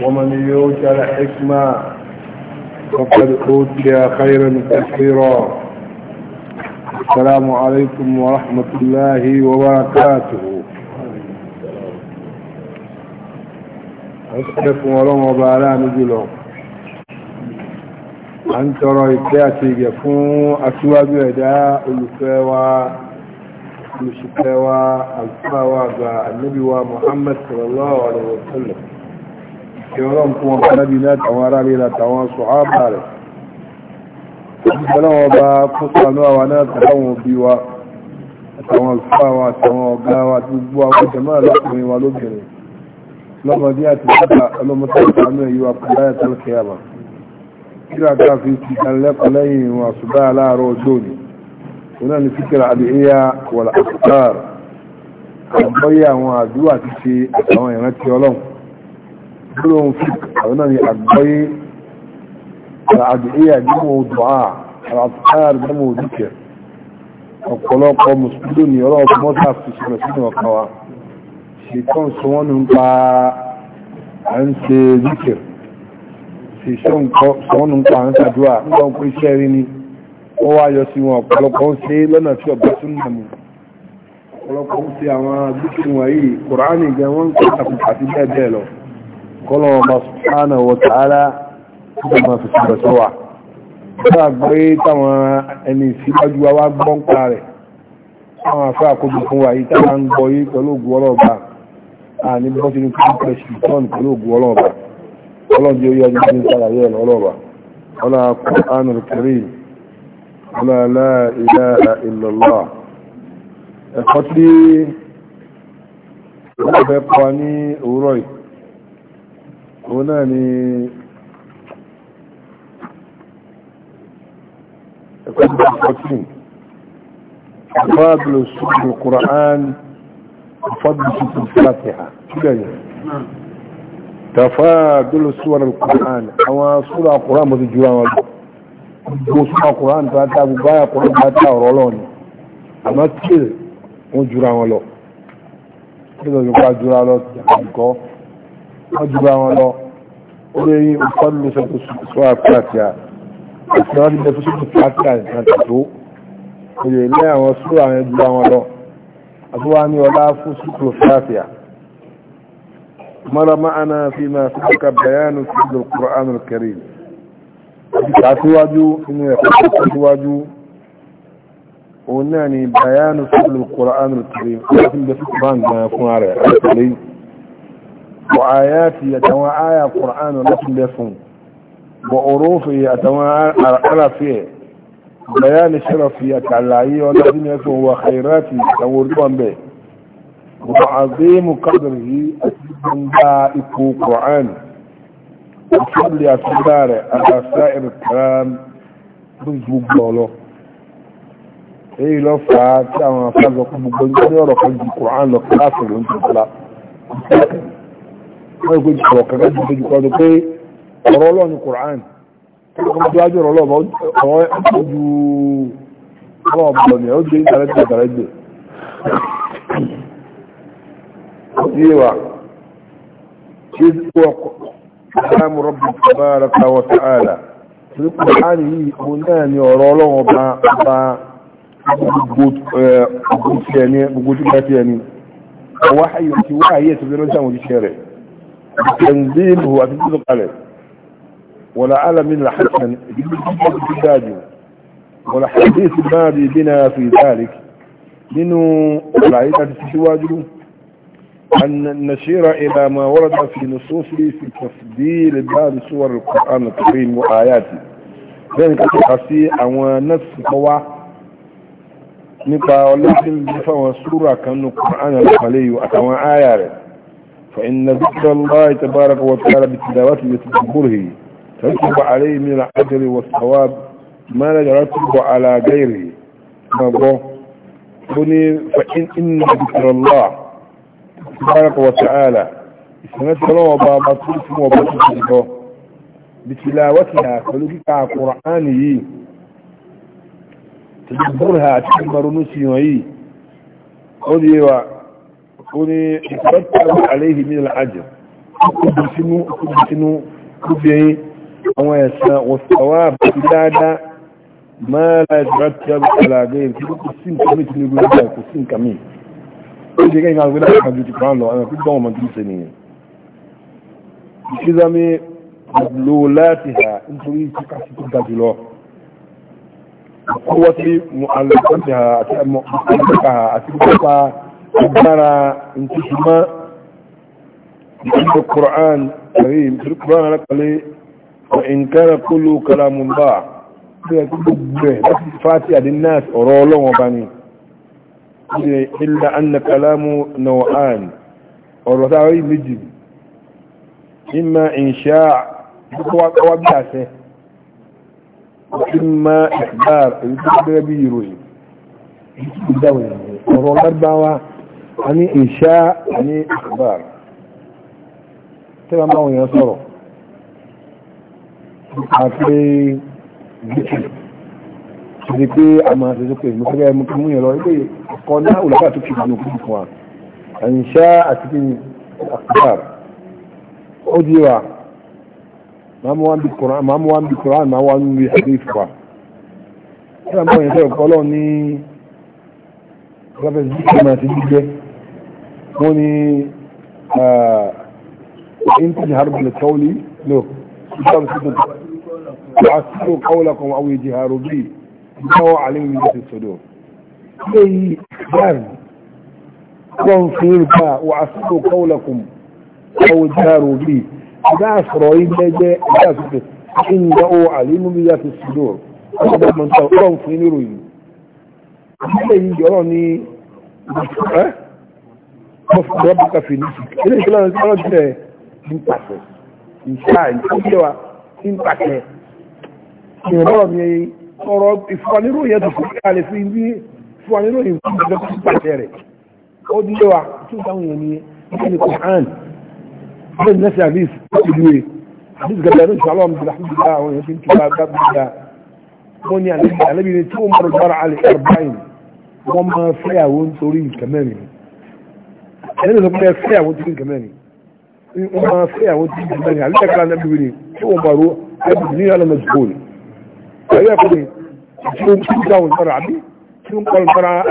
ومن يؤت الحكمة فقد أوتي خيرا كثيرا السلام عليكم ورحمة الله وبركاته أسلف ورمى باران جلو أن ترى إكياتي يفون أسواد يداء الفاوى الشكاوى الفاوى النبي محمد صلى الله عليه وسلم يورون كما قنبينا توارا لنا توان صحاب دارك ìgbẹ̀lọ́wọ́ bá fúnṣànú àwọn náà tàbáwọn òbí wa àtàwọn ọ̀fà wa àtàwọn ọ̀gá wa àti gbogbo àwọn jẹmọ́ alákùnrin wa lóbìnrin lọ́mọdé àti sábà ọlọ́mọtàkàánú ẹ̀yíwa pàdáyà tẹ́lẹ̀kẹ́ àbà kíra ká fi ti ìdánilẹ́kọ̀ọ́ lẹ́yìn ìwọ̀n àṣùbá aláàárọ̀ ọjọ́ òní oná ni fíkìrà àdìyà wọ̀lá ti ṣe gbọ́n fi àwọn náà ni àgbáyé àdìyà gbọ́mọ̀ dùá àlàtàr gbọ́mọ̀ òdìkẹ̀ ọ̀pọ̀lọpọ̀ mùsùlùmí ni ọ̀rọ̀ mọ́sá fìṣẹ̀lẹ̀ sínú ọ̀kan wa ṣìkan sọ wọ́n ní pa à ń ṣe zikir ṣìṣọ́ sọ wọ́n ní pa à ń ṣàdúrà nígbà pé iṣẹ́ rí ni ó wá yọ sí wọn ọ̀pọ̀lọpọ̀ ń ṣe lọ́nà tí ọ̀gbẹ́ tún nà mú ọ̀pọ̀lọpọ̀ ń ṣe àwọn zikir wọ̀nyí kùránì gan wọ́n ń kọ́ àti bẹ́ẹ̀ bẹ́ẹ̀ lọ kọ́lọ̀ ọba sùpánà wọ̀tàálá tó ma fi ṣùgbọ̀ tó wà nígbà gbé táwọn ẹni síwájú wa wá gbọ́n pa rẹ̀ táwọn afẹ́ àkójọ fún wa yìí táwọn ń gbọ́ yìí pẹ̀lú ògùn ọlọ́ọ̀ba ẹ̀kọ́ tí wọ́n fẹ́ kọ́ ní òwúrọ̀ yìí òun náà ni ẹ̀kọ́ ìgbà 14 fadlu sùgbù kùrán fadlu sùgbù fàtíhà ṣígbẹ̀yẹ̀ tafadlu sùwàrà kùrán àwọn sùwàrà kùrán mọ́ sí jù àwọn gbogbo sùwàrà kùrán tó átà gbogbo ayà kùrán tó átà ọ̀rọ̀ lọ́ni àmọ́ tí wọ́n jura wọn lọ nígbà tó bá jura lọ jàǹkọ́ wọ́n jura wọn lọ orí ìfọ́n ní sọ́tò sọ́ àpáàtìá ìfẹ́ wọn nílẹ̀ fún sọ́tò pàtìá ìfẹ́ tó orí ilé àwọn sọ́ àwọn ẹgbẹ́ àwọn lọ àtúwá ní ọlá fún sọ́tò pàtìá mọ́lá máàna fi máa sọ́tò bayanu sí ìlú Qur'an al-Karim ìfẹ́ àtiwájú inú ẹ̀kọ́ àtiwájú òun náà ni bayanu sí ìlú Qur'an al-Karim ti ń fún Qur'an gan fún ara ẹ̀ وآياته يتوى آية قرآن ونسل يفهم وعروفه يتوى عرفه بيان شرفه يتعلعي ونسل يفهم وخيراته يتوردون به وعظيم قدره أسلم دائق قرآن وصلي أتدار على سائر الكلام بزبوب لولو èyí lọ fà á tí àwọn afẹ́ lọ kó gbogbo ní ọ̀rọ̀ kan ju kùrán lọ kíláàsì ló ń tẹ̀lá wọ́n gbé ọ̀rọ̀ kankan tó dojú kọ́ pé ọ̀rọ̀ ọlọ́run ní Qur'an ọmọ tó wájú ọ̀rọ̀ ọlọ́run ọ̀rọ̀ ọ̀jú ọ̀rọ̀ ọ̀bọ̀ ni ó gbé ìtàrẹ́gbẹ̀ ìtàrẹ́gbẹ̀ yíwa ṣe tó ọkọ̀ Rabbi tabaraka wa ta'ala ní Qur'an yìí mo náà ni ọ̀rọ̀ ọlọ́run ọba ọba gbogbo eh, tí ẹni ọwọ́ ayé ti fi ránṣẹ́ àwọn òjíṣẹ́ rẹ̀ تنزيله أتنزل عليه ولا علم من الحسن بالداج ولا حديث الماضي بنا في ذلك منه العيدة تتواجد أن نشير إلى ما ورد في نصوصه في تفضيل بعض سور القرآن الكريم وآياته ذلك تحسي أن نفس قوى نقا ولكن بفوا سورة كان القرآن الكريم وأتوا آياته فإن ذكر الله تبارك وتعالى بتلاوته وتدبره تجب عليه من العجر والثواب ما لا يرتب على غيره فإن إن ذكر الله تبارك وتعالى سنت الله وبابا تلسم وبابا بتلاوتها فلقيتها قرآني قرآنه تدبرها تدبر نسيه أولي oni ìfẹ́tàbí aléhì ní àjẹ́ kúbi sínú kúbi sínú kúbi àwọn ẹ̀sán wọ̀sàwà àbúkú dáadáa máa láìsìbátíyàbí alàgbé tí ó kú sí nǹkan mí tí ní gbogbo ẹ̀kú sí nǹkan mí ó jẹ́ gẹ́gẹ́ àwọn ìgbẹ́lá àjò ti kàn lọ àwọn ìpínlẹ̀ ọmọ tó ń ṣe nìyẹn ìṣízámi lò láti hà nítorí tí ká sí tó ga jùlọ kó wọ́n ti mú àlọ́ àti àmọ́ ترى انت ما القرآن الكريم في القرآن لك وإن كان كل كلام ضاع فاتي للناس ورولهم وباني إلا أن كلام نوعان والرساوي مجد إما إنشاء وابداسه وإما إخبار يتبع بيروي يتبع بيروي ورولات باواه Ani ìṣá àní àkàbàr tí wọ́n máa wọ̀nyàn sọ̀rọ̀ àti gíkì ti di pé a máa ṣe sókè mú kẹ́kẹ́ mú kí mú yẹn lọ ilé ọkọ̀ náà olùkọ́ àti kìí nù kúrò fún wa àní ìṣá àti kí àkàbàr ó di wa máa mú wá bí kùrán máa mú wá bí kùrán máa tí wọ́n máa wọ̀nyàn sọ̀rọ̀ kọ́ lọ́ ní ọlọ́fẹ́ sí kí máa ti gbígbẹ́ هوني آه انت جهرب للتولي لو تعسروا قولكم او يجهروا بي انه عليم من ذات الصدور اي جارب وانصير با وعسروا قولكم او يجهروا بي لا اسرائيل لا جاء انه عليم من ذات الصدور ọgbọ̀n mọ̀ta ọlọ́run fún inú ìròyìn ilé yìí yọ́rọ̀ ní ẹ́ ربك في نفسك إليه كلام الكلام ده ينتحسن إنسان كلها ينتحسن ìyẹn bọ́rọ̀ mi ọ̀rọ̀ ìfúnaníròyìn ẹ̀dùn fún ìkàlẹ̀ fún ibi ìfúnaníròyìn fún ìjọ tó pàṣẹ rẹ̀ ó dílé wa tí ó dáhùn yẹn ni ẹni kò hàn bẹ́ẹ̀ يعني لو كان فيها ودين كمان وما فيها ودين كمان يعني لك لان ابي بني شو ما روح ابي بني انا مجهول فهي يقولي شو مجاو المرعى بي شو مجاو المرعى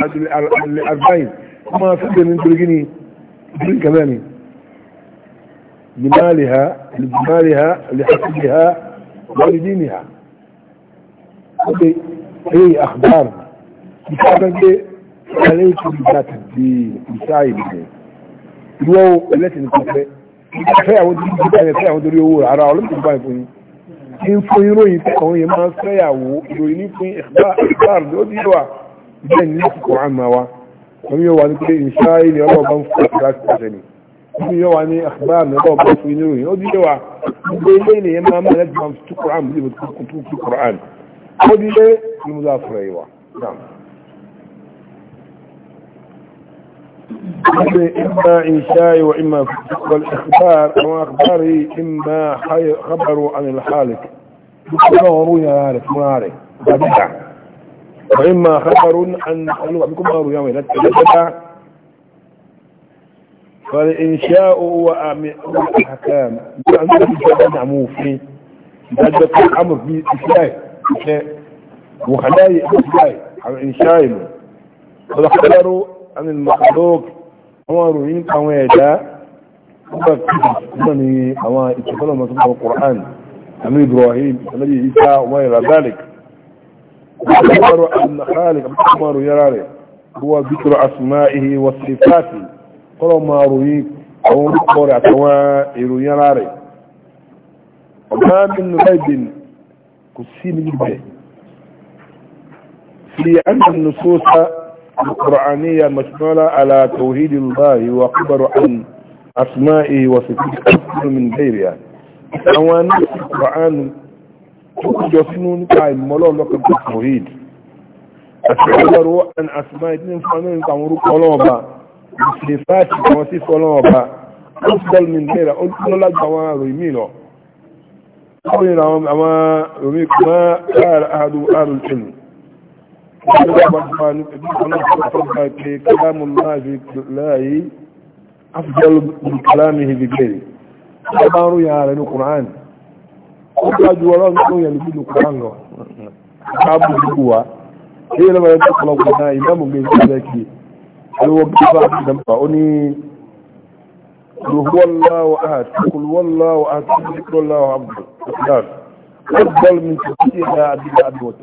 الاربعين وما فيها من دلقيني دين كمان لمالها لجمالها لحسبها ولدينها هذه اي اخبار مثلا عليكم بذات الدين مثلا ìwọ ẹlẹ́sìn kò fẹ́ fẹ́ àwọn tó ti báyìí fẹ́ àwọn torí owó ara ọlọ́mọdé tó báyìí fún yín ní fún ìròyìn tí àwọn yẹn máa fẹ́yàwó ìròyìn ní fún ìgbàr ló dé wà bẹ́ẹ̀ ní láti kọ̀ àmà wa wọ́n yóò wá ní pé ìṣá ilé ọlọ́ọ̀bá ń fún ìṣá ti tẹ̀lé wọ́n yóò wá ní àgbàr ní ọlọ́ọ̀bá fún inú ìròyìn ó dé wà gbogbo ilé إما إنشاء وإما والإخبار أو أخبار إما خبر عن الحالك يا عارف وإما خبر عن قلوب بكم غاروا يا فالإنشاء هو أحكام بأنه بدع موفي بدع الأمر عن إنشاء هذا عن المخلوق هو روين قويدا يعني هو اتفلوا مصدر القرآن عن إبراهيم الذي إساء وإلى ذلك أخبر أن خالق أمر يراري هو ذكر أسمائه وصفاته قالوا ما رويك أو نقر أتوائر يراري وما من غيب كسين جبه في أن النصوص القرآنية مشمولة على توحيد الله وخبر عن أسمائه وصفاته أكثر من غيرها أواني القرآن تجسنون كاي ملو لك التوحيد أتخبر عن أسمائه من فنان تمر قلوبا وصفاته وصف قلوبا أفضل من غيرها أنت لا تواني ريميلو قولي لهم أما ريميك ما قال أهد أهل العلم كلام الله في الله أفضل من كلامه في غيره ما روي على القرآن أحتاج ولا نقول يعني في القرآن أصحاب القوة هي لما يدخل القرآن إمام من ذلك هو بصفة دمبا أني قل هو الله أحد قل هو الله أحد ذكر الله عبد أفضل أفضل من تفسير عبد الله عبد الله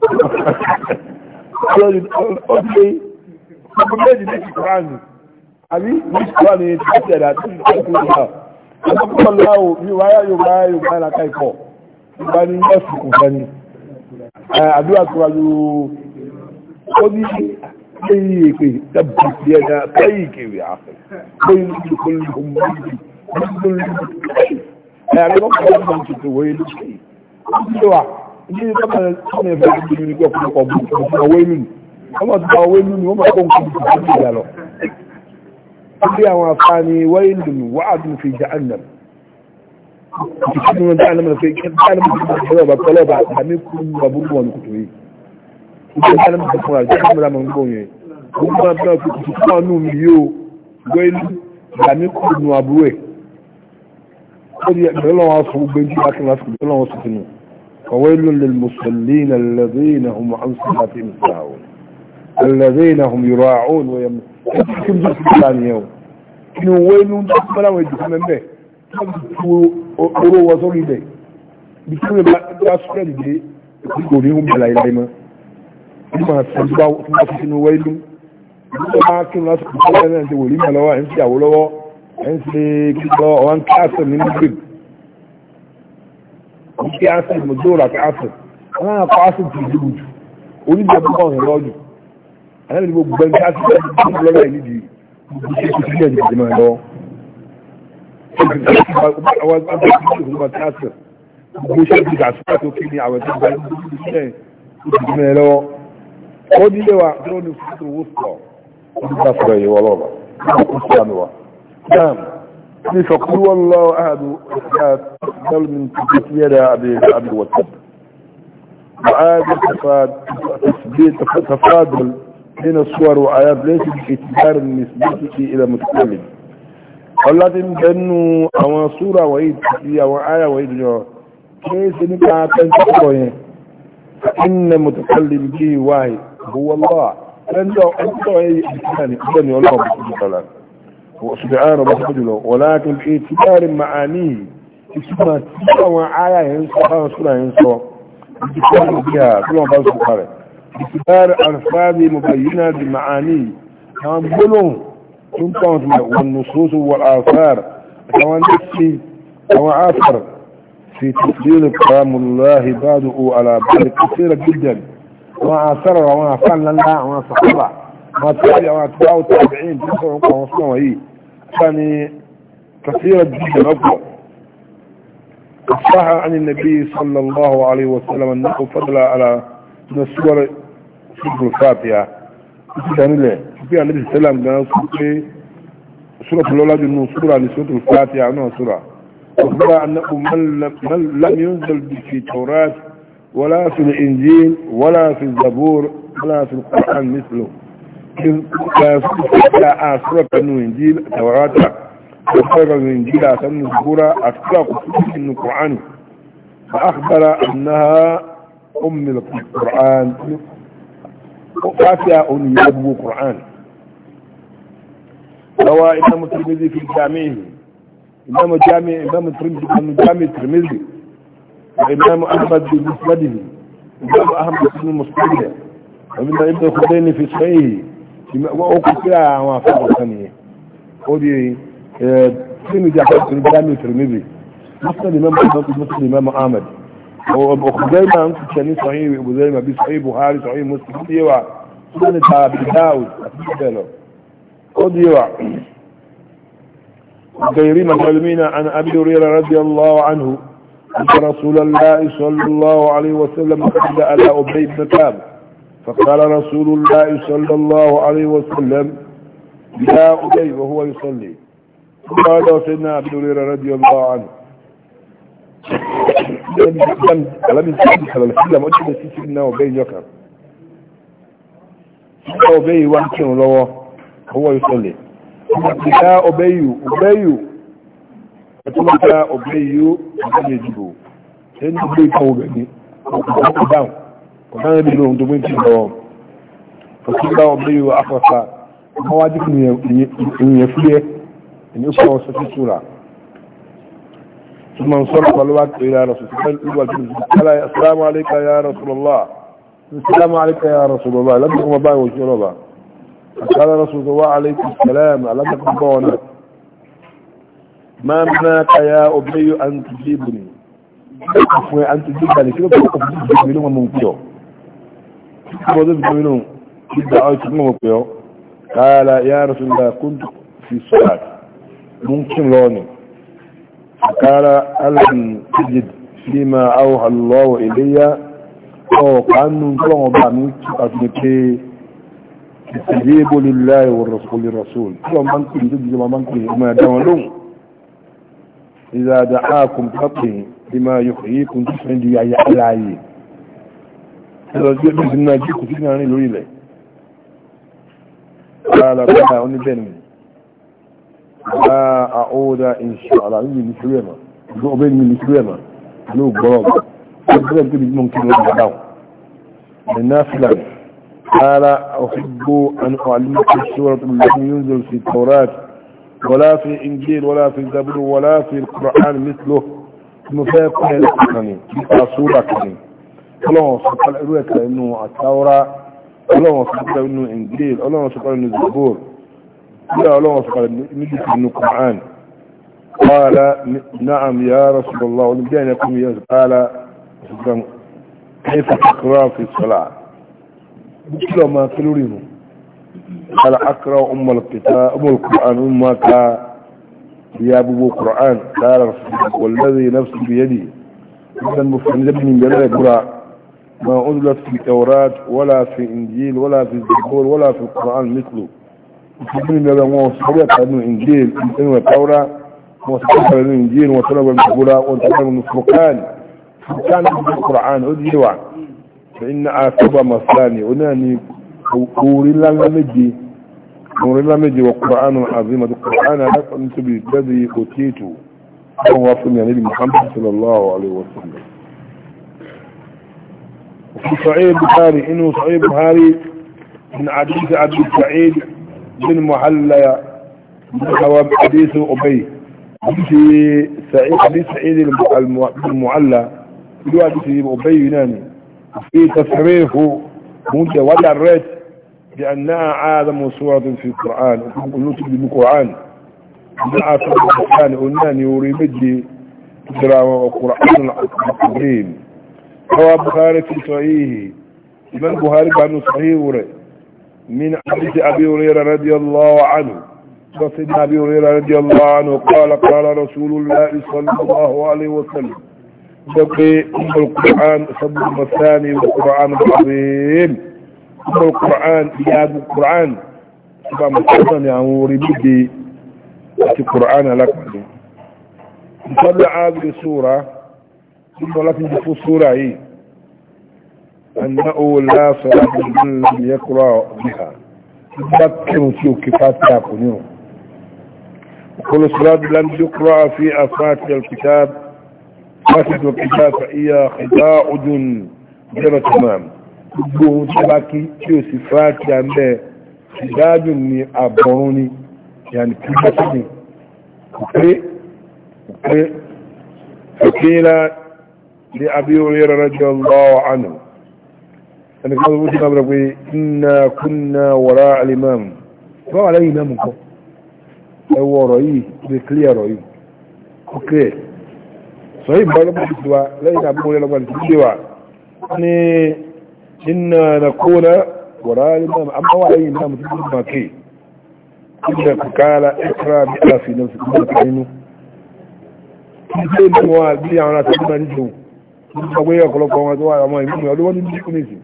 ọdún ọdún méjì ní ìkùránì àbí ní ìkùránì ti tẹ̀ dà tí ìkùránì ti tẹ̀ àkọ́kọ́ láwọ̀ bí wáyá yóò bá yóò bá ìlàkà ìkọ̀ ìgbà ní nọ́ọ̀sì kò fẹ́ ni àdúrà tó wájú ó ní léyìí èpè dábì sí ẹ̀dá káyì kiri àfẹ́ ó yẹ lójú kó lójú kó mú lójú kó lójú kó lójú kó lójú kó lójú kó lójú kó lójú kó lójú kó lójú kó ní ní kọ́mọ̀ ẹ̀fẹ́ ìgbìmọ̀ ní ọ̀pọ̀lọpọ̀ bùkún ọwọ́ inú ni ọmọ tó bá ọwọ́ inú ni wọ́n máa kó nǹkan bùkún tó dìjà lọ. Ṣé àwọn afáàní wáyé lùnú wà á dùn fi jà án nà? Ìṣẹ́ ni wọ́n dá àlámọ̀ pé kí wọ́n dá àlámọ̀ pé ọlọ́ba ọlọ́ba àmì kú àbúrò wọn kùtù yìí. Ìṣẹ́ dá àlámọ̀ pé fún wa jẹ́ kí wọ́n dá àlámọ̀ gbọ́ yẹn. Wọ́n máa bẹ́ẹ̀ fi kùtù fún ọ̀nù mi yóò gbé àmì kú nù àbúrò ẹ̀. Ó di ẹ̀gbẹ́ lọ́wọ́ sọ gbẹ́jú wákìlá sùn lọ́wọ́ sùn nù. فويل للمصلين الذين هم عن صلاتهم ساهون الذين هم يراعون ويمسكون جسد ثاني يوم inú wẹ́nu dọ́kọ́lá wọ́n ìdìbò mẹ́mẹ́ oró wọ́n sórí ilẹ̀ bí kí wọ́n bá sọ́rọ̀ ìdílé ìpín kò ní oúnjẹ láìláì mọ́ ní máa sọ bí wọ́n bá fi sínú wẹ́nu nígbà bá kí wọ́n sọ pé wọ́n náà ti wòlíì mọ́ lọ́wọ́ ẹ̀ ń ṣe àwòlọ́wọ́ ẹ̀ ń ṣe kíkọ́ ọ̀wọ́n káàsọ̀ nínú gbèbè kí asiri mojora kí asiri àwọn akọ asiri ti dùn jù onídìí ẹgbẹ́ kan lọ jù àwọn ìdìbò gbẹ̀mí asiri ti dùn lọ́wọ́ ẹ̀ nídìí gbogbo ṣe kò sílẹ̀ nídìí máa lọ. àwọn agbẹ́ ti dùn lọ́wọ́ kí asiri gbogbo ṣe kò sílẹ̀ tó kí ni àwọn ẹ̀sìn gbà ní gbogbo ṣe ìdìbò máa lọ́wọ́. ó ní ilé wa tí wọ́n ní fún ìṣòwò sọ̀rọ̀ ó ní ká sọ̀rọ̀ ìyẹ̀wọ̀ lọ́wọ́ ni faqul wallahu ahad dal min tafsira abi abi wasab وعاد تفاد تثبيت تفاضل بين الصور وآيات ليس باعتبار نسبته إلى متكلم والذي بأنه أو صورة وإيد أو آية وإيد كيف نبقى تنتقل فإن متكلم به واحد هو الله أنت أنت أي إنسان إنسان يقول الله سبحانه وتعالى ولكن باعتبار معانيه اسمها تسوى آية ينصى رسولة ينصى بتكون بها كل ما قال بقرة باعتبار ألفاظ مبينة بمعانيه كان بلون تنتون والنصوص والآثار كمان نفسي أو آثر في تفضيل كلام الله بعده على بعد كثيرة جدا وما وآثر لله وما الله ما تتابع وآثر وتابعين تنصر وقوة وصلوا هي يعني كثيرة جدا أكبر صح عن النبي صلى الله عليه وسلم أنه فضل على من السور سورة الفاتحة يعني لا في النبي صلى الله عليه وسلم قال سورة الأولاد أنه سورة لسورة الفاتحة أنه سورة أخبر أنه من لم ينزل في التوراة ولا في الإنجيل ولا في الزبور ولا في القرآن مثله a sura kanu injil tawarata da sura injil a sanu zubura a sura kusurin qur'ani fa akhbara annaha ummul qur'an fatiha un yabu qur'an روى إمام الترمذي في جامعه إمام جامع إمام الترمذي من جامع الترمذي وإمام أحمد بمسنده إمام أحمد بن المسنده ومن ابن خدين في صحيحه wọ́n kò sí àwọn afẹ́kọ̀ọ́sán nìyẹn ó di kíni di akẹ́kọ̀ọ́ ní dáàmì tìrìmìbì mọ́sílẹ̀ imam ahmed mọ́sílẹ̀ imam ahmed ọkùnrin máa ń kìkẹ́ ní sọ́yìn ìbùzẹ́rì màbí sọ́yìn buhari sọ́yìn muslim ó di yẹwà sọ́yìn ta bidáwù àti bẹ́ẹ̀ lọ ó di yẹwà غيري مكلمين عن أبي هريرة رضي الله عنه أن رسول الله صلى الله عليه وسلم قد على أبي بن كعب فقال رسول الله صلى الله عليه وسلم يا أبي وهو يصلي قال سيدنا أبي هريرة رضي الله عنه لم يستطيع على الحلم أجل سيدنا أبي يكر سيدنا أبي وحكي الله هو يصلي يا أبي أبي أتمنى أبي أبي يجبه سيدنا أبي كوبني أبي kọ̀dánà bí lóhun tó gbé tí lọ fọ̀sílá ọ̀bẹ́ yóò afọ́fà wọ́n wá dínkù ìyẹn fúyẹ́ ìní sọ sọ́tí sura ثم انصرف الوقت إلى رسول الله قال السلام عليك يا رسول الله السلام عليك يا رسول الله لم تكن مباي وشربا قال رسول الله عليك السلام لم تكن بونا ما مناك يا أبي أن تجيبني أن تجيبني كيف تقف بجيبني ومنكيو kuma zai zama nuna duk da aiki kuma ku yau kala ya rasu da kun fi sulat mun cin launi kala alam tajid fi ma auha Allah wa ilayya kanun kuma ba mu ci a cikin استجيبوا لله والرسول للرسول كلهم منكم ضد ما منكم وما دولون إذا دعاكم فقه لما يحييكم تسعين دي على علي ẹ̀rọ tí ó bí ìsinmi náà jíkù sí ìrìn lórí ilẹ̀ ara bẹ́ẹ̀ ó ní bẹ́ẹ̀ ni bá a ó dá ìṣọ́ ara níbi ní sírí ẹ̀mà ìgbó ọbẹ̀ ní ní sírí ẹ̀mà ló gbọ́rọ̀ ó bẹ́ẹ̀ tó bí mọ́ kí ló bá dáhùn ní náfìlà ara ọ̀fígbó alùpùpù sọ́rọ̀ tó lọ́kùn yóò zọ sí كلهم قال نعم يا رسول الله ولجأنا يا يزعل كيف تقرأ في الصلاة قلت بكل ما تلوينه قال أقرأ أم الكتاب أم القرآن أمك يا أبو القرآن قال رسول الله والذي نفسي بيدي إذا المفهن لابن بلاد قرأ ما أنزلت في التوراة ولا في إنجيل ولا في الزبور ولا في القرآن مثله يقولون لنا موصلت عن الإنجيل إنسان التوراة موصلت عن الإنجيل وطلب المقبولة وطلب الفرقان فرقان في القرآن أدلوا فإن آثب مصاني وناني قول الله مجي قول الله مجي وقرآن عظيم القرآن أنت بالذي أتيته هو فمن محمد صلى الله عليه وسلم في بخاري البخاري انه سعيد البخاري من حديث عبد السعيد بن محلى هو حديث ابي في سعيد حديث سعيد المعلى اللي هو حديث ابي يناني في تصريفه ممكن وضع الريت لانها اعظم سوره في القران قلت بالقران مع القران انني يريد ترى القران العظيم هو بخاري في صحيحه من بخاري كان صحيح من حديث أبي هريرة رضي الله عنه وسيدنا أبي هريرة رضي الله عنه قال قال رسول الله صلى الله عليه وسلم بقي أم القرآن سب المثاني والقرآن العظيم أم القرآن يا أبو القرآن سبع مثاني يا أموري بدي القرآن لك صلى هذه السورة ثم لكن في الصورة هي أنه لا صلاة من لم يقرأ بها تذكر في كفات تاكنيو وكل صلاة لم يقرأ في أفاتح الكتاب فاتح الكتاب فهي خداع غير تمام gbogbo tabaki tí ó sì fàájì àmẹ́ ìdájò ní àbọ̀rún ni yàní kí lọ́sí ni kò pé kò pé ẹ̀kẹ́ لأبي هريرة رضي الله عنه أنا كنت أقول لك أبرك إنا كنا وراء الإمام فهو على إمامك هو رأيه بكلية رأيه أوكي صحيح بقى لك سوا لأن أبي هريرة قال سوا يعني إنا نكون وراء الإمام أما هو على إمام تبقى إنك قال اقرأ بأفي نفسك منه كيف يمكن أن يكون هناك ní ọgbẹ́ ọ̀pọ̀lọpọ̀ wọn tó wà ọmọ ìlú mi ọdún wọn ní bíkú nìsí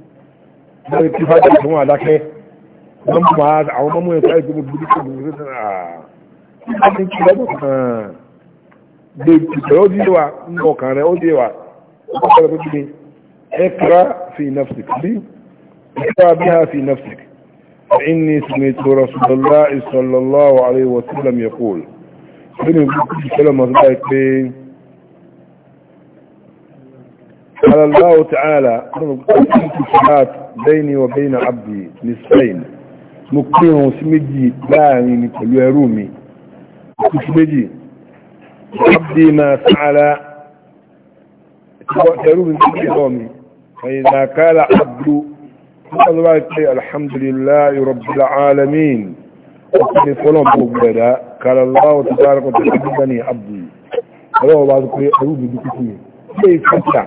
lórí tí fájà tó wọn àdákẹ́ wọn mú wa àwọn ọmọ ẹ̀ka ìgbìmọ̀ bíkú nìsí náà ní kí lọ́dún kan lè tìpẹ́ ó dé wa ní ọkàn rẹ̀ ó dé wa ó kọ́ ọ̀rọ̀ pípé ẹ̀kra fi nafsik bí ẹ̀kra bí ha fi nafsik فإني سمعت رسول الله صلى قال الله تعالى قلت الصلاة بيني وبين عبدي نصفين مكين وسمجي باني لكلورومي وسمجي عبدي ما فعل يرومي رومي فإذا قال عبد الحمد لله رب العالمين وقال فلان بغدا قال الله تبارك وتعالى عبدي الله بعد كل يرومي بكثير كيف فتح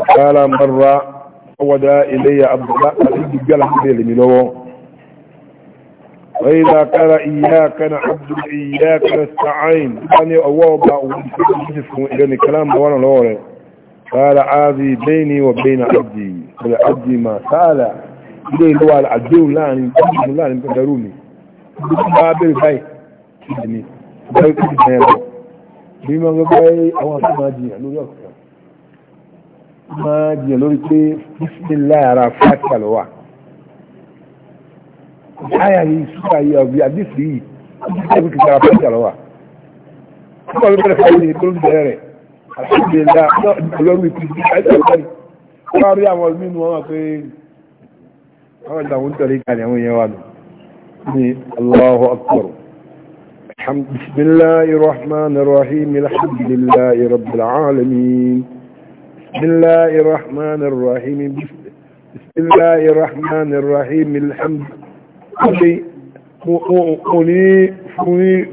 قال مرة ودى إلي عبد الله أريد قال حبيل من هو وإذا قال إياك نعبد إياك نستعين أن أواب يعني كلام وانا لوري قال عاذي بيني وبين عبدي قال عبدي ما سأل إلي لو على عبدي لا نتعلم لا نتعلمني بابل باي إذني باي إذني بما قبل أواصل ما جينا نقول máa jẹ lórí pé bísíláì ara fàtíà lọ wà àyà yìí súra yìí ọ̀bí àdìsí yìí bísíláì kìkì ara fàtíà lọ wà nígbà tó bẹ̀rẹ̀ fàtíà yìí tó ń bẹ̀rẹ̀ rẹ̀ àṣìbẹ̀lá ọlọ́run ìpín sí àìsàn ìpárí wọ́n rí àwọn nínú wọn pé àwọn ìgbà wọn tẹ̀lé ìkàlẹ̀ àwọn èèyàn wà nù ní Allahu akbar الحمد بسم الله الرحمن الرحيم الحمد لله رب العالمين بسم الله الرحمن الرحيم بسم الله الرحمن الرحيم الحمد قولي فوني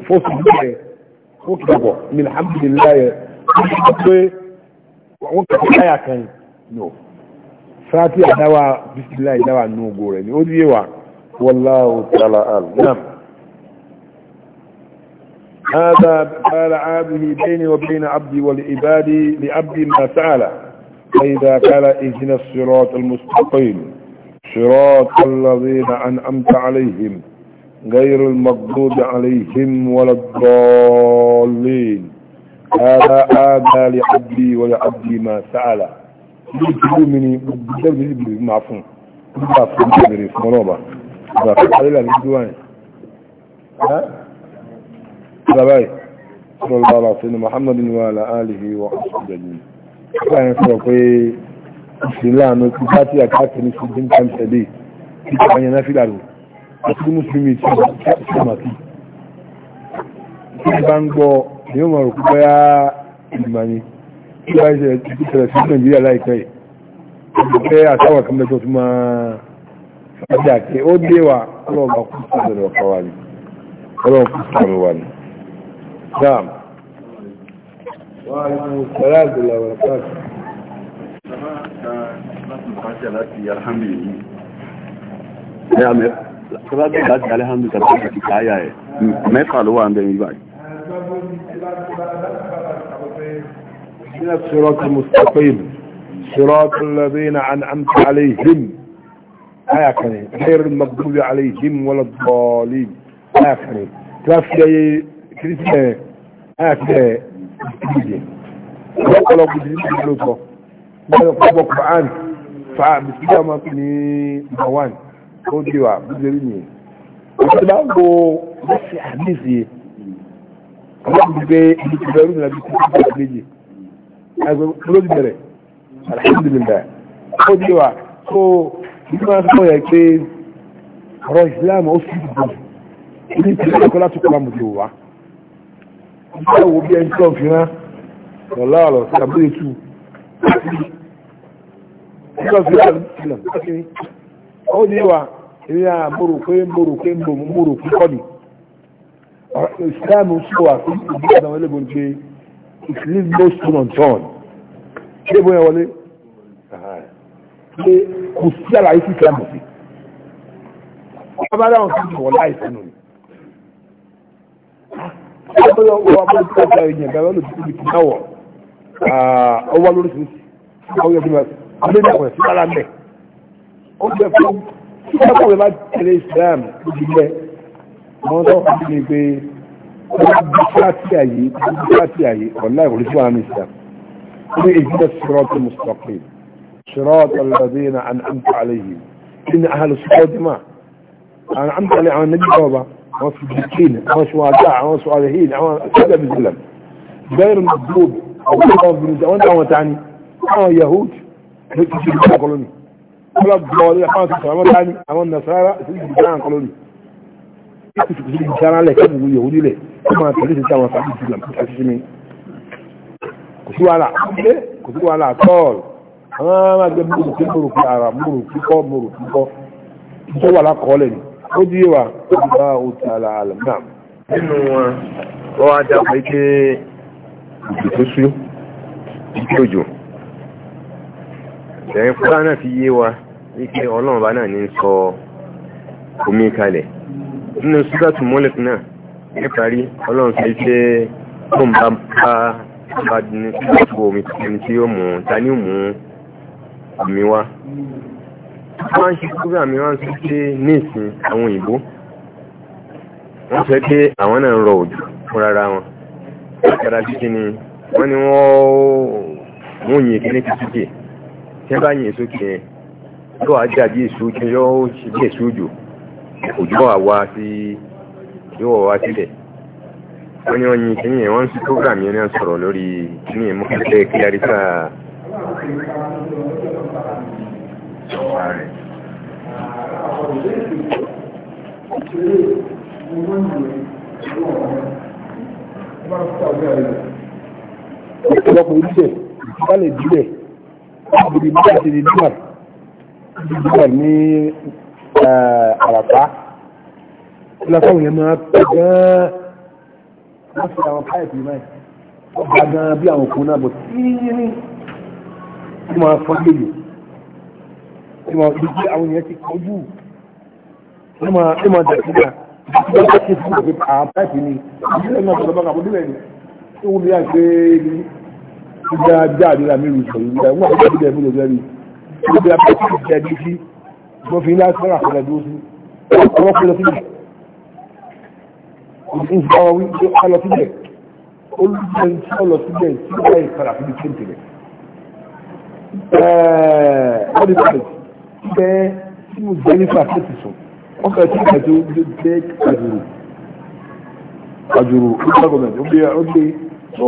من الحمد لله كان نو فاتي دواء بسم الله دواء نو غورني ودي وا والله تعالى نعم. هذا قال عابه بيني وبين عبدي والعباد لعبدي ما سأله فإذا كان إهنا الصراط المستقيم صراط الذين أنعمت عليهم غير المغضوب عليهم ولا الضالين هذا آبى لعبدي ولعبدي ما سأل يؤمني بالدولة بالمعفون بالمعفون بالمعفون مرابا بالمعفون عليلا الجوان يعني. ها؟ باباي صلى الله عليه وسلم محمد وعلى آله وصحبه أجمعين nígbà yẹn sọ̀rọ̀ pé ìṣìláàánú tí bá tí àkáàkì ní ṣùgbọ́n kan tẹ̀lé tí kò wáyé náà fìlà rò àti bí mùsùlùmí tí ó ti mà sí. tí ó bá ń gbọ́ ni ó mọ̀ rò pé bóyá ìgbìmọ̀ ni tí bá ṣe ti ṣẹlẹ̀ sí nàìjíríà láìpẹ́ yìí. ó pẹ́ àtàwọn kan lẹ́tọ̀ tó máa ṣàjà pé ó dé wa ọlọ́ọ̀bà kú sí ọ̀dọ̀ ọ̀kọ̀ wa ni ọlọ́ọ̀ kú sí ọ̀dọ̀ wa ni. وعليكم السلام بالله وبركاته ya mai kaba ga da da alhamdu ka ta ki kaya ya mai kaluwa an da yi bai ina sirat mustaqim sirat alladhina an'amta alaihim aya kare ghair maghdubi alaihim wala dhalin aya kare tafiye kristiyan aya kare ìdíje ọlọ́pọ̀lọpọ̀ ìdíje ní ìlú tọ́ báyọ̀ pọ̀pọ̀ Quran fa bisimilá máa fi ní mawan ó di wa bíbélì ni ọ̀sẹ̀ bá ń bo lọ́sẹ̀ àdéhìí ọlọ́pọ̀ gbígbé ìlú tó bẹ̀rù nílá bíi títí bá gbéjì àgbẹ̀ olóòdì bẹ̀rẹ̀ alhamdulillah ó di wa so ìlú máa sọ yẹ pé ọ̀rọ̀ ìsìlámù ó sì dùn ní ìpínlẹ̀ kọ́lá tó kọ́lá mọ̀ ìgbà wo bí ẹni tó fi rán lọ́la ọ̀rọ̀ sí abúlé tù tó fi rán sílẹ̀ ó ní wa èyí à mòrò pé mòrò pé mòrò mòrò pé kọ́ni ìsìlámù sọ wà fún ìdí àdáwọn ẹlẹ́gbọ̀n pé it leave no stone unturned ṣé bóyá wọlé pé kò sí àlàyé sí ìsìlámù sí. Ọba dáhùn sí ìwọ̀lá ìsinmi ọgbọ́dọ̀ wọ́n bá tó ọjà ìyẹn gbà wọ́n lò tó ibi kìí náwọ̀ ọwọ́ lórí sí àwọn ẹgbẹ́ wa ọdẹ náà wọ̀ sí ara mẹ́ ó jẹ́ fún tí wọ́n kọ̀wé bá tẹ̀lé Islam lójú mẹ́ wọ́n tó fi ní pé wọ́n bí fúláàtì àyè bí fúláàtì àyè ọ̀la ìwòlú sí wàhánà Islam ní èyí tó sọ̀rọ̀ tó mùsùlùmí صراط الذين أنعمت عليهم إن أهل الصدمة أنعمت عليهم النبي àwọn sùdìkìn àwọn ṣùwàdà àwọn ṣùwàdàhìn àwọn ṣẹlẹ̀ bìsílẹ̀ bẹ́ẹ̀rù gbòòbù àwọn ọmọ bìrìtì àwọn táwọn tani àwọn yahood ló ti ṣe ìgbà kọlọ́nì kọlọ́ bọ́ọ̀lì àwọn ti sọ̀rọ̀ tani àwọn nasara ti ṣe ìgbà kọlọ́nì kí ti ṣe ìgbà lẹ̀ kí gbogbo yahood lẹ̀ kí máa tẹ̀lé ti táwọn sábì bìsílẹ̀ àti ṣe mi kò sí wàhálà ẹ kò sí wàhálà tọ́ọ̀lù àwọn máa gbẹ mú ó di wa bá òtù àlàálà náà nínú wọn wọ́n wá dá pé pé tó sú ìjì òjò ẹ̀yìn fúlá náà fi yé wa wípé ọlọ́run náà ní sọ omi kalẹ̀ nínú súdàtù mọ́lẹ̀t náà ní parí ọlọ́run sọ pé tó ń bá bá bá ní súdàtù omi tí ó mú ta mú omi wá wọ́n ṣe program wọ́n sọ pé nísìn àwọn òyìnbó wọ́n sọ pé àwọn náà ń rọ òjò fún rárá wọn ìkàrà bí kí ni wọ́n ni wọ́n mú yìn kí ní kìsìkì tí wọ́n bá yìn sókè yẹn yóò wá jà bí èso jẹ yóò ṣe bí èso òjò òjò wà wá sí yóò wá sílẹ̀ wọ́n ni wọ́n yìn kí ni wọ́n sọ program yẹn náà sọ̀rọ̀ lórí kí ni mú kí orílẹ̀ ìfipálẹ̀ ìbílẹ̀ ìbílẹ̀ ìbílẹ̀ àti ìdíwàr ìdíwàr ní àràpá lọ́sọ̀rọ̀ yẹn máa pẹ́ gan-an wọ́n fi àwọn páìpì náà wọ́n gba gan-an bí àwọn òkun náà bọ̀ tíyí ní wọ́n máa fọ́ lóye wọ́n fi gbé àwọn yẹn ti kọjú wọ́n máa dàgbé náà wọ́n bá ṣe àwọn páìpì ní ìdílé náà tó lọ́ bá kà bọ́ nílẹ̀ ni ó wù mí àgbé ní ìjà ajá àdúrà mi rù sọ̀rọ̀ ìgbà wọn àti ìjà ìbúlò lẹ́rí ìgbà apá sí ìjà ẹbí sí wọn fi ńlá sọ́rọ̀ àpẹẹrẹ dúró sí wọn fi lọ sílẹ̀ ìfà wọn wí pé a lọ sílẹ̀ olùdíje tí ó lọ sílẹ̀ tí ó báyìí padà fún ìṣe ìtẹ̀lẹ̀ wọ́n ti bẹ̀rẹ̀ síbẹ̀ tí mo jẹ́ nípa fẹ́ẹ̀tì sùn wọ́n fẹ́ẹ̀ tí ìgbà tó dé àjòrò àjòrò ó gbàgbọ́ mẹ́jọ ó gbé so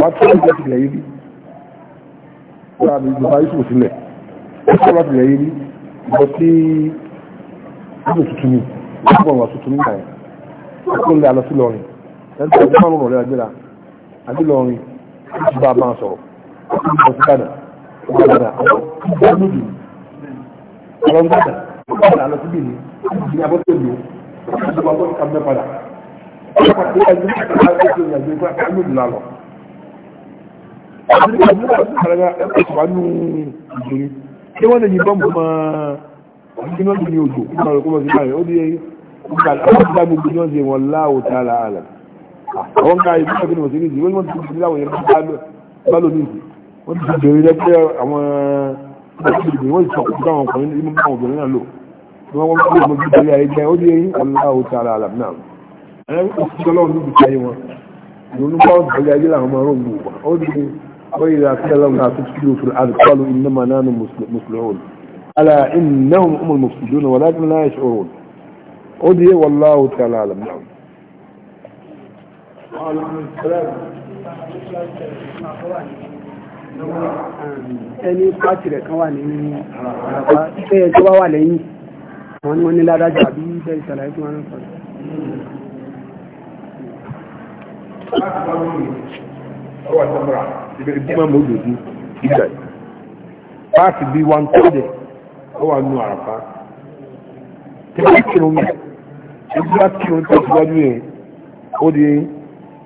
wọ́n tó ń tẹ̀sílẹ̀ yìí rí wọ́n àbí ìjọba yìí sílẹ̀ wọ́n tó ń tẹ̀sílẹ̀ yìí rí lọ sí ìlú tuntun ní ọgbọ̀n wà tuntun ní àyẹ̀ ó lè alọ sí lọrin ẹni tó ń tẹ̀sílẹ̀ márùn-ún rẹ̀ agbéra àbí lọrin ó ti bá a máa sọ̀rọ̀ ó ti bọ̀ sí gàdà ó ti gàdà ó ti bọ̀ lójú ọlọ́ gàdà ó ti gàdà alọ sí bìíní ó ti jìnnà bọ́tò lò ó ti jìnnà bọ́tò kàmẹ́ padà ó ti pàṣẹ ṣé wọ́n lè yìnbọn mọ́ kí wọ́n lè ní òjò kí wọ́n lè kó mọ́ sí báyìí ó di àwọn ìgbà gbogbo ní wọ́n ṣe wọn láwò tá ara àlà àwọn ká ìbí ọ̀gbìn ní mọ̀sílẹ̀ ìdí wọ́n mọ̀ sí ìdí láwọn yẹn bá lò ní ìdí wọ́n ti bèrè lẹ́gbẹ́ àwọn ìgbìmọ̀ wọ́n ti sọ̀kù táwọn ọkùnrin ní mọ̀ obìnrin náà lò wọ́n wọ́n fi وإذا كلم ما تفسدوا في الأرض قالوا إنما نحن مسلمون ألا إنهم هم المفسدون ولكن لا يشعرون أدي والله تعالى أعلم نعم ẹni pàtì rẹ̀ kan wà ní ìfẹ́ tó bá wà lẹ́yìn wọ́n ni wọ́n ní ládájọ́ àbí ìfẹ́ ìṣàlàyé fún wọn ọwọ́ àtàmúra ìbẹ̀rẹ̀ bí máa mọ̀ òjò sí ìgbà yìí páàkì bíi wọn tó dẹ̀ ọwọ́ àánú àràfá tí wọ́n kí wọn ẹbí wá kí wọn tó síwájú yẹn ó di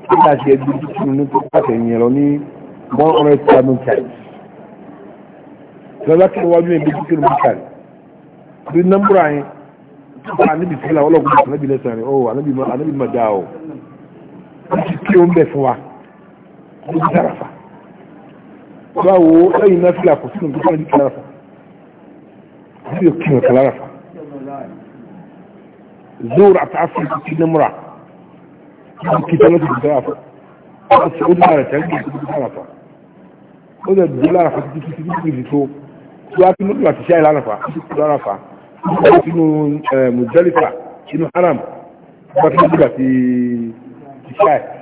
nígbà tí ẹbí tó kí wọn tó pàtẹ yẹn lọ ní one hundred seven times lọ́dọ̀ kí wọn wájú yẹn bí tó kí wọn kàn bí nọ́mbùrà yẹn tó kà níbi sílẹ̀ ọlọ́gbọ̀n ànábì lẹ́sàn-án rẹ̀ ó ànábì má dáa ó ó ti kí wọn fún wa níbi tàràfà báwo lẹ́yìn náà fílà kò sínú níbi tàràfà níbi tàràfà níbi òkè nìkan lárafà zuur àti afirika ti namura níbi kìtà náà níbi tàràfà wọ́n ti ó dára tẹ́ níbi tàràfà ó dẹ̀ dé lárafà títí títí títí títí tó tó wá sí mọ́tò àti ṣáì lárafà títí lárafà ó ti nù mùjálífà inú haram wọ́n ti níbi àti ṣáì.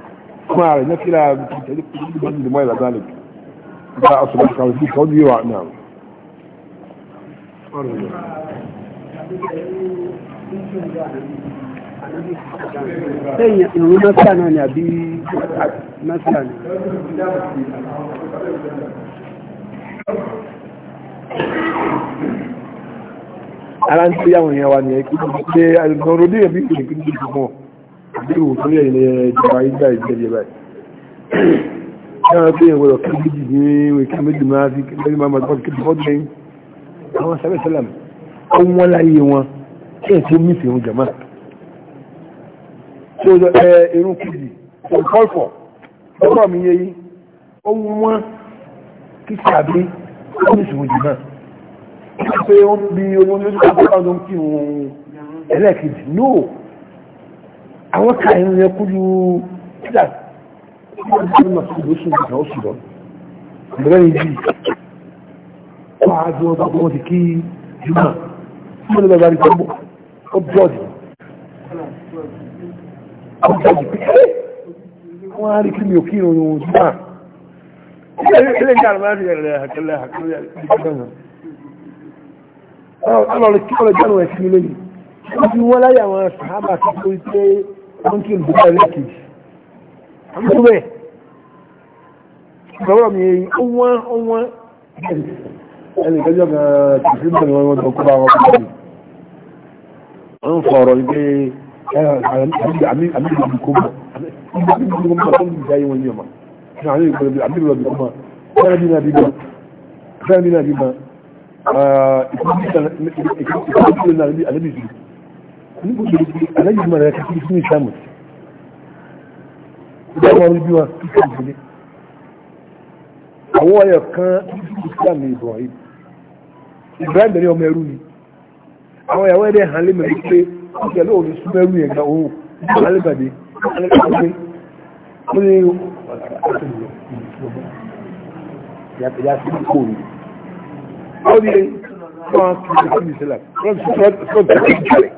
kuma a na kira da mai da zalik ba a su ba kawai su kawai yi wa na sẹ́yìn ìrún mẹ́sàn náà ni àbí mẹ́sàn ni ara ń tí àwọn èèyàn wà ní ẹ̀kú pé àìsàn rodé ẹ̀bí ìrìnkú ní ìgbìmọ̀ àdéhù torí ẹ̀yìn ìjọba ìgbà ìjẹ́jẹ́ báyìí yára pé ẹ̀wọ̀n ọ̀kẹ́ méjì ní ìwé méjì máa fi lẹ́yìn máa máa tọ́jú kí ọdún ẹ̀yìn àwọn sábẹ́ sẹ́lẹ̀m ó wọ́n láyé wọn kí ẹ̀ tó mí fi hàn jàmá tí ó ẹ irun kejì tó àwọn káyìn yẹn kú ju títà tí wọ́n ti lọ sí ìgbà oṣù lọ ìbẹ̀rẹ̀ ní bí wọ́n á jọ ọba wọn ti kí jùmọ̀ tí wọ́n lọ bá rí kọ́bọ̀ ó bọ́ọ̀dì ó bọ́ọ̀dì pẹ́ẹ́rẹ́ wọ́n á rí kí mi ò kí ìròyìn òun jùmọ̀ ilé ní àrùn láti ẹ̀rẹ̀ àkẹlẹ̀ àkẹlẹ̀ ìgbẹ̀rẹ̀ ọlọ́run kí ọlọ́jọ́ àwọn ẹ̀sìn lónìí wọ́n fi wọ́n láyé àwọn sàhábà tó kó wọ́n kí n dùkọ́ ẹlẹ́kejì àmọ́ bẹ́ẹ̀ ìgbàwọ́ mi ó wọ́n ó wọ́n ẹnìkẹ́jọ́ kan kìí sílẹ̀ ni wọ́n wọ́n tó kó bá wọn kó bá mi wọ́n fọ̀rọ̀ ní pé àmì ìlú alájì mọ̀rẹ̀ kí kí ní ìsàmù ìdáwọn orí bí wọn kí kí ìdílé àwọn ọyọ̀ kan ìsàmù Ibrahim Ibrahim bẹ̀rẹ̀ ọmọ ẹrú ni àwọn ìyàwó ẹ̀dẹ̀ hàn lé mẹ́rin pé ọjọ́ lóò ní súnmẹ́rú yẹn gba owó alẹ́bàdé alẹ́bàdé ó ní yàtọ̀yà sí kò ní ó ní wọn kì í ṣe kí ní sílẹ̀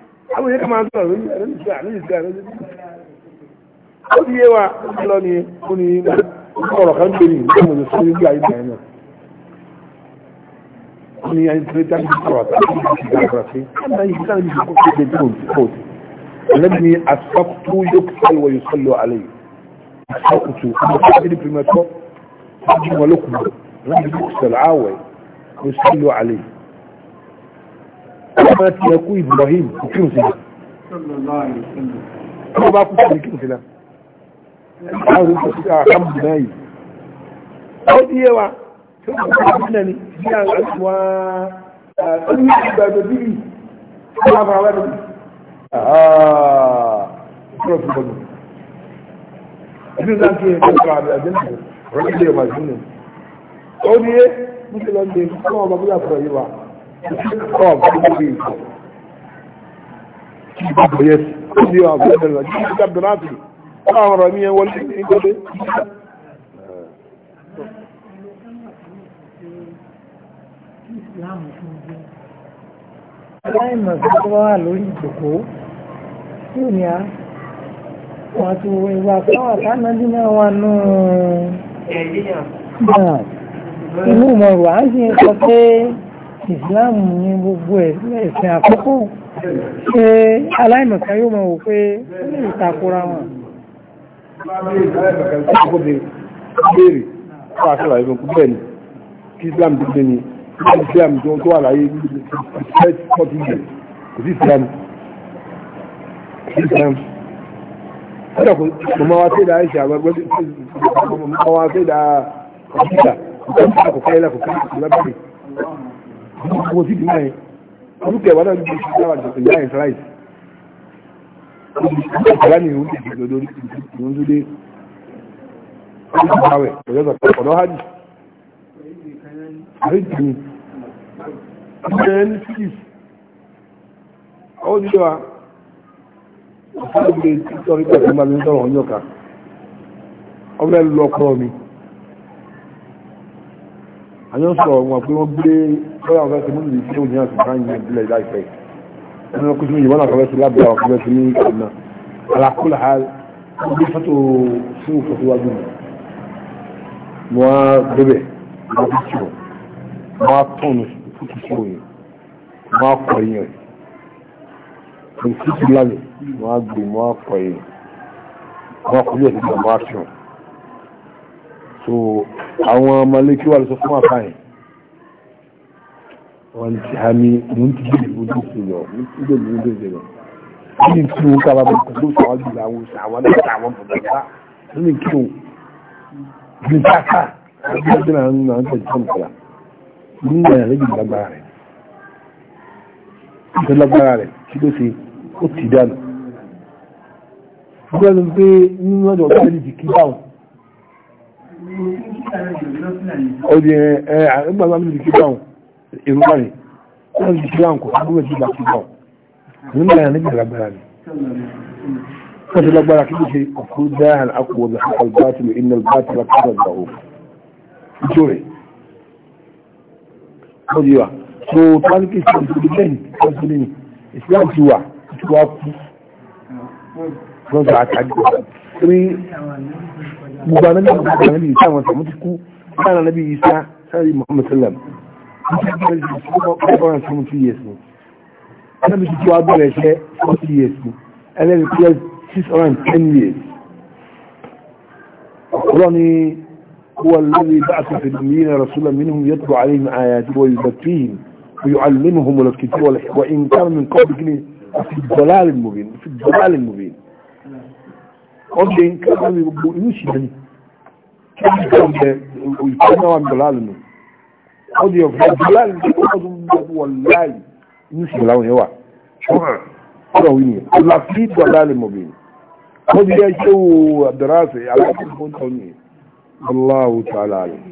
àwọn èèyàn kan máa ń sọ̀rọ̀ lórí ẹ̀rọ ìṣẹ́ àmì ìṣẹ́ àmì ìṣẹ́ ó ti yé wa lọ ni ó ní ọ̀rọ̀ kan gbé ní ìgbàmọ̀ ní sórí bí ayé bẹ̀rẹ̀ náà ó ní ayé tó dájú sọ̀rọ̀ àti ìgbà àgbà sí ẹ̀rọ ìṣẹ́ àmì ìṣẹ́ kó tó dé dúró ní kóòtù ẹlẹ́bi ni asọ́kùtù yóò sọ́lù wọ yóò sọ́lù alẹ́ yìí asọ́kùtù ọmọ tó ti di pírímẹ́tọ́ ó jí wọn lókùnrin lọ́mọdé yóò sọ́lù àwẹ̀ yóò sọ́lù alẹ́ yìí ọmọ ti ẹkú Ibrahim kìkìrù sí ọmọ bá kú sí kìkìrù sí náà àwọn òṣìṣẹ́ àkàmù náà yìí ó di yé wa tí ó kọ̀ sí náà ni bí i àwọn àtúwà ọdún yìí ìgbà ìgbà bíbí tí wọ́n fara wẹ́rù ìṣòro fún bọ́ọ̀lù ẹ̀dùn náà kí ẹ̀kọ́ sọ àbẹ̀ àjẹ́ náà rẹ̀ ó di yé wa ìṣúná ó di yé mú sí lọ́ndé fún ọmọ bàbá yà fọ̀rọ̀ yìí wa kọ́ ọ̀gbọ́n ìkọ̀ kí bá bọ̀ yẹ sí ó ní ọ̀gbọ́n ìrìnà kí bá bẹ̀rẹ̀ láti kọ́ ọ̀rọ̀ mi yẹn wọlé ní gbọ́dé. aláìmọ̀ tó wà lórí ìjòkó tí ni a wọ́n tó ìwà káwà kánàdí náà wà nù ẹ̀yíyàn inú mọ̀rọ̀ à ń ṣe sọ pé ìsìláàmù ní gbogbo ẹ̀ ẹ̀sìn àkọ́kọ́ ṣe aláìmọ̀ká yóò mọ̀ wò pé ó lè takora wọn. Islam ti gbé ni Islam tó wà láyé kò sí Islam Islam kada ku kuma wa sai da Aisha ba kuma wa sai da Aisha ku kai la ku kai la bari àwọn sí ìdílé yẹn ọdún kẹwàá náà níbi ìṣẹ́ àwọn àjọṣe ìyá ẹ̀sán láìsí ìgbà ní ìrún ìdíje lọ́dọ̀ orí ìrún tó dé ọdún àwẹ̀ ọjọ́ sọ̀tọ̀ ọ̀dọ́ hajj àríjì ni ìṣẹ́ ní six ó ní wa ọ̀sán ìgbé sọ̀rọ̀ ìgbà tó máa ń sọ̀rọ̀ ọjọ́ kan ọmọ ẹ̀ lọ́kọ́ mi àyàn sọ wọn pé wọ́n gbé bọ́yá ọ̀gá ti múlùú sí òjìyàn sí bá ń yẹ ìbílẹ̀ láìpẹ́ ẹni wọn kú sí ìyẹ̀wọ́n àkọ́fẹ́ sí lábẹ́ àwọn akọ́fẹ́ sí ní ìkànnà alákùlà ha wọ́n gbé fọ́tò sí òfò tó wájú mi mo á bẹ̀bẹ̀ mo á fi tì wọ́n mo á tọ̀nù fúkú sí òye mo á kọ̀ yẹn mo sì ti lálẹ́ mo á gbé mo á kọ̀ yẹn mo á so àwọn ọmọlékí wà lọ́sọ fún àfáyìn wọ́n ti ha ní mú ti gbé ìwúdó ìṣòlọ̀ mú ti gbé ìwúdó ìṣòlọ̀ ní kí wọ́n ká bàbá kò tó ọdún ẹ ẹgbẹ́ bá mi kí báwọn èrò bá rẹ̀ wọ́n ti kí báwọn kò fún bẹ́ẹ̀ tí bá kí báwọn ní mẹ́rin ní ìgbà lágbára ni wọ́n ti lágbára kí ṣe ọ̀fún dáhàn akọ̀wọ̀dà albáàtì lè iná albáàtì láti ṣe ọ̀gbà òun ìjọ rẹ̀ wọ́n ti wá kú three gbogbo anabi gbogbo anabi isa àwọn sàmú ti kú sáà anabi isa sáàrí muhammad sallam ọgbọ̀n seventy years ni anabi ti tó abẹ́rẹ́ ṣẹ́ forty years ni ẹlẹ́rìí pé six hundred and ten years ọ̀rọ̀ ni هو الذي بعث في الأميين رسولا منهم يتلو عليهم آياته ويزكيهم ويعلمهم الكتاب وإن كان من قبل في الضلال المبين في الضلال المبين ọdẹ nǹkan náà ní gbogbo inú ìṣìlẹ̀ ni kí wọ́n gbọ́ ọ̀bẹ ìfẹ́ náà wà ní dọ̀là lónìí ọdẹ ọ̀fẹ́ dọ̀là lónìí kí wọ́n tún bọ̀ wọ̀ láàyè inú ìṣìlẹ̀ làwọn yẹn wà ọ̀rọ̀ wí nìyẹn ọ̀làfíì dọ̀là lè mọ̀ bẹ́ẹ̀ ọdẹ yẹn ṣé wo àdàrà àṣẹ aláàbò tó ń tọ́ nìyẹn Allahu ta'ala alim.